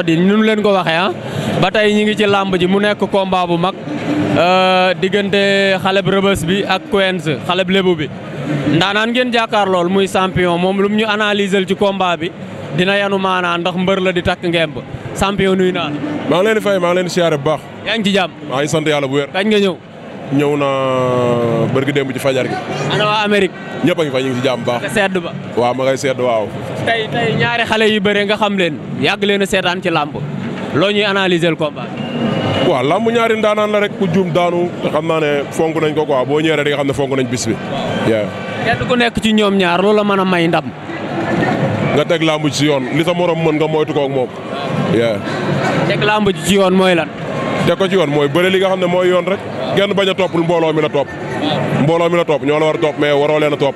Sodi ñun leen ko waxee ah ba tey ñi ngi ci làmb ji mu nekk combat bu mag euh, diggante xale bu rëbës bi ak Quench xale bu lébu bi. ndaanaan ngeen jàkkaar lool muy champion moom lu mu ñu analyser ci combat bi dina yanu maanaan ndax mbër la di takk ngemb champion nuyu naa la. maa ngi leen di fay maa ngi leen siyaare bu baax. yaa ci jàmm. maa ngi sant yàlla bu wér. kañ nga ñëw na euh, bërgi démb ci fajar gi. ana waa Amérique. ñëpp a ngi fa ñu baax. nga sedd ba. waaw ma ngay sedd waaw. tey tey ñaari xale yi bëre nga xam leen yàgg leen seetaan ci làmb loo ñuy analyser le combat. waaw làmb ñaari ndaanaan la rek ku juum daanu xam naa fonk nañ ko quoi boo ñëwee rek xam ne fonk nañ bis bi. waaw ku nekk ci ñoom ñaar loolu la mën a may ndam. nga teg làmb ci yoon li sa morom mën nga moytu ko ak moom. teg yoon mooy lan. teg ko ci yoon mooy bëre li nga xam ne mooy yoon rek. genn bañ a topp mbooloo mi la toop mbooloo mi la topp ñoo la war a topp mais waroo leen a topp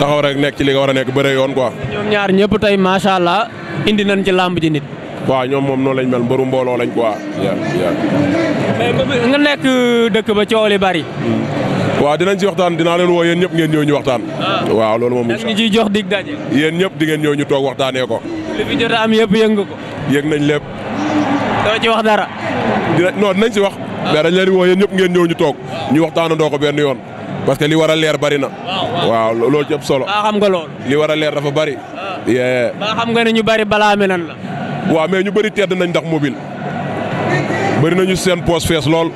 taxaw rek nekk ci li nga war a nekk bëre yoon quoi. ñoom ñaar ñëpp tey macha allah indi nan ci làmb ci nit. waaw ñoom moom noonu lañ mel mbëru mbooloo lañ quoi. mais nga nekk uh, dëkk ba coow li bari. waaw dinañ ci waxtaan dinaa leen woo yéen ñëpp ngeen ñëw ñu waxtaan. Ah. waaw loolu moom. ñu ciy jox dig daje. yéen ñëpp di ngeen ñëw ñu toog waxtaanee ko. li yëpp yëng ko. yëg nañ lépp. doo wax dara. dina non ci wax. Ah. mais dañ leen di wax yéen ñëpp ngeen ñëw ñu toog ñu waxtaanandoo ko benn yoon parce que li war a leer bari na. waaw loolu ci solo. baa xam nga loolu. li war a leer dafa bari. Ah. yee. ne ñu bari balaa nan la. waaw mais ñu bari tedd nañ ndax mobile. bari nañu seen poos fees lool.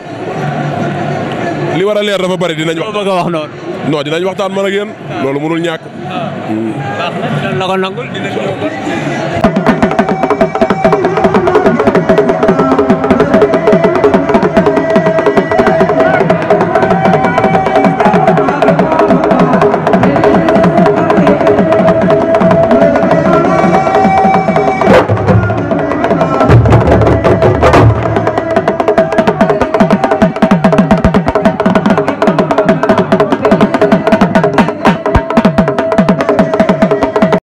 li war a leer dafa bari dinañ. wax bëgg a wax dinañ waxtaan man ak yéen. Ah. loolu mënul ñàkk. Hmm. na